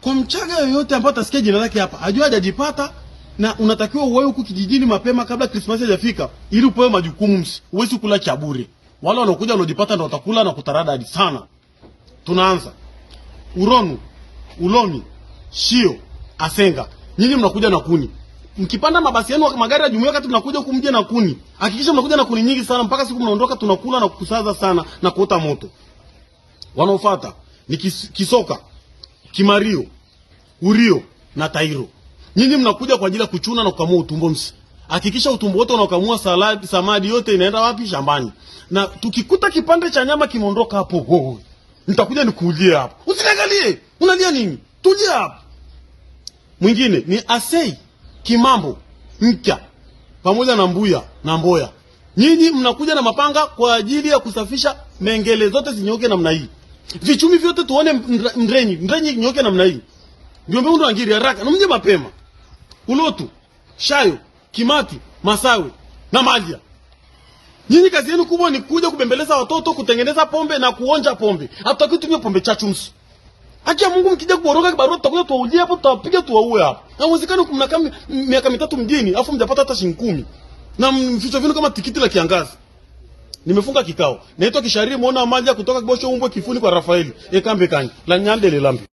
Kwa Mchaga yoyote ambaye atasikia jina lake hapa ajua hajajipata, na unatakiwa uwahi huku kijijini mapema kabla Krismasi hajafika ili upewe majukumu. Msi Huwezi kula cha bure, wale wanaokuja wanaojipata ndio watakula na kutaradadi sana. Tunaanza Uronu, Uloni, Shio, Asenga. Nyinyi mnakuja na kuni. Mkipanda mabasi yenu magari ya jumuiya, wakati mnakuja huku mje na kuni. Hakikisha mnakuja na kuni nyingi sana mpaka siku mnaondoka tunakula na kukusaza sana na kuota moto. Wanaofuata ni kis, Kisoka Kimario, Urio na Tairo. Nyinyi mnakuja kwa ajili ya kuchuna na kukamua utumbo msi. Hakikisha utumbo wote unaokamua saladi, samadi yote inaenda wapi? Shambani. Na tukikuta kipande cha nyama kimeondoka hapo, wewe nitakuja nikuulie hapo. Usiniangalie. Unalia nini? Tulia hapo. Mwingine ni Asei, Kimambo, Mkia pamoja na Mbuya na Mboya. Nyinyi mnakuja na mapanga kwa ajili ya kusafisha mengele zote zinyoke namna hii vichumi vyote tuone mrenyi mrenyi nyoke namna hii ndio undu angiri haraka na mje mapema ulotu shayo kimati masawe na malia nyinyi kazi yenu kubwa ni kuja kubembeleza watoto kutengeneza pombe na kuonja pombe hatutaki tumie pombe chachu msu haki ya Mungu mkija kuboroga kibarua tutakuja tuwaulie hapo tutawapiga tuwaue hapo haiwezekani mnakaa miaka mitatu mjini afu mjapata hata shilingi kumi na vichwa vyenu kama tikiti la kiangazi nimefunga kikao naitwa kishariri mwona amanja kutoka Kibosho umbwe kifuni kwa Rafaeli ekambe kanyi la nyande lelambi